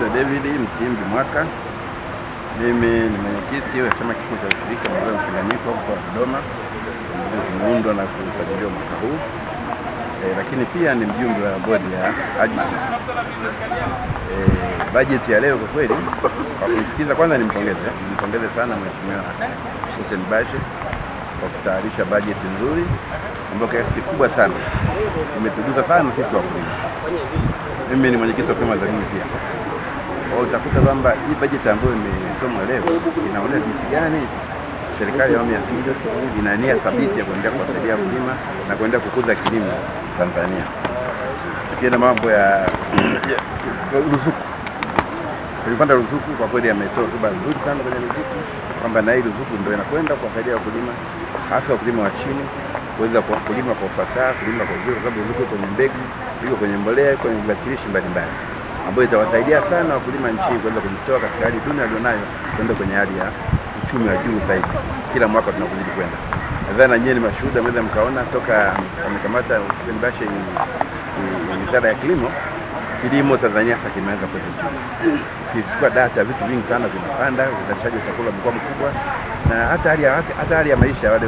naitwa David Mtimbi Mwaka. Mimi ni mwenyekiti wa chama kikuu cha ushirika maendeleo mchanganyiko mkoa wa Dodoma, ambayo kimeundwa na kusajiliwa mwaka huu e, lakini pia ni mjumbe wa bodi ya AGITIF. E, eh, bajeti ya leo kwa kweli, kwa kuisikiza kwanza, nimpongeze nimpongeze sana Mheshimiwa Hussein Bashe kwa kutayarisha bajeti nzuri ambayo kiasi kikubwa sana imetugusa sana sisi wakulima. Mimi ni mwenyekiti wa kama za dini pia utakuta kwamba hii bajeti ambayo imesomwa leo inaonea jinsi gani serikali ya awamu ya sita ina nia thabiti ya kuendelea kuwasaidia wakulima na kuendelea kukuza kilimo Tanzania. Tukienda mambo ya ruzuku, tulipanda ruzuku, kwa kweli ametoa hotuba nzuri sana kwenye ruzuku kwamba na hii ruzuku ndio inakwenda kuwasaidia wakulima, hasa wakulima wa chini kuweza kulima kwa ufasaha, kulima kwa uzuri, kwa sababu ruzuku kwenye mbegu, iko kwenye mbolea, kwenye vibatilishi mbalimbali ambayo itawasaidia sana wakulima nchini kuweza kujitoa katika hali duni walionayo kwenda kwenye hali ya uchumi wa juu zaidi, kila mwaka tunakuzidi kwenda. Nadhani na nyie ni mashuhuda, mweza mkaona toka amekamata Hussein Bashe wizara ya kilimo, kilimo Tanzania sasa kimeanza kwenda juu. Ukichukua data, vitu vingi sana vinapanda, uzalishaji wa chakula umekuwa mkubwa, na hata hali ya, hata hali ya maisha ya wale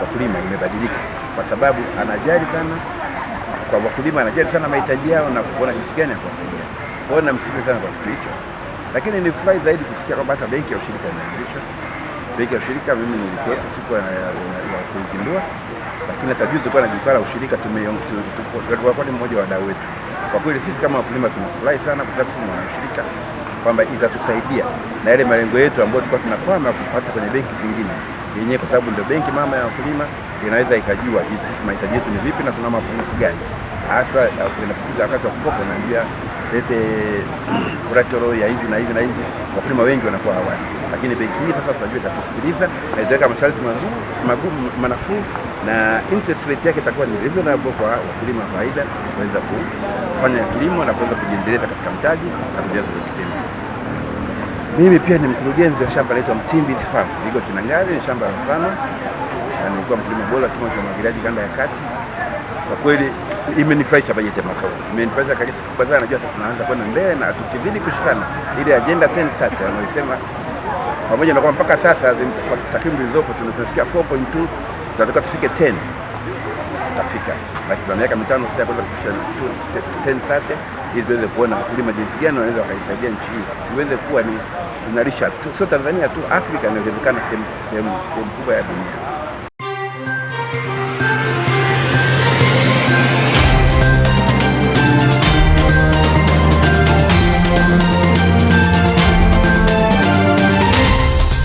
wakulima imebadilika, kwa sababu anajali sana kwa wakulima, anajali sana mahitaji yao na kuona jinsi gani ya kuwasaidia. Kwa hiyo namsifu sana kwa kitu hicho, lakini ni furahi zaidi kusikia kwamba hata benki ya ushirika inaanzishwa. Benki ya ushirika mimi nilikuwepo siku ya kuizindua, lakini hata juzi tulikuwa na jukwaa la ushirika, tulikuwa ni mmoja wa wadau wetu. Kwa kweli sisi kama wakulima tunafurahi sana kwa sababu sisi ni wanaushirika kwamba itatusaidia na yale malengo yetu ambayo tulikuwa tunakwama kupata kwenye benki zingine yenyewe, kwa sababu ndio benki mama ya wakulima inaweza ikajua mahitaji yetu ni vipi na tuna mapungufu gani hasa inapokuja lete ya hivi na hivi na hivi. Wakulima wengi wanakuwa hawana, lakini benki hii sasa tunajua itakusikiliza na itaweka masharti magumu manafuu, na interest rate yake itakuwa ni reasonable kwa wakulima wa kawaida kuweza kufanya kilimo na kuweza kujiendeleza katika mtaji na kujiendeleza kwenye kilimo. Mimi pia ni mkurugenzi wa shamba naitwa Mtimbi Farm, liko Kinangari, ni shamba la mfano, na nilikuwa mkulima bora wa kilimo cha umwagiliaji kanda ya kati kwa kweli imenifurahisha bajeti ya mwaka huu, imenifurahisha kwa sababu Najua sasa tunaanza kwenda mbele na tukizidi kushikana ile ajenda 10 sasa pamoja na kwamba mpaka sasa kwa takwimu zilizopo tunafikia 4.2 tunataka tufike 10, tutafika lakini kwa miaka mitano sasa kwanza kufikia 10 sasa, ili tuweze kuona wakulima jinsi gani wanaweza wakaisaidia nchi hii iweze kuwa ni inalisha sio Tanzania tu, Afrika inawezekana sehemu kubwa ya dunia.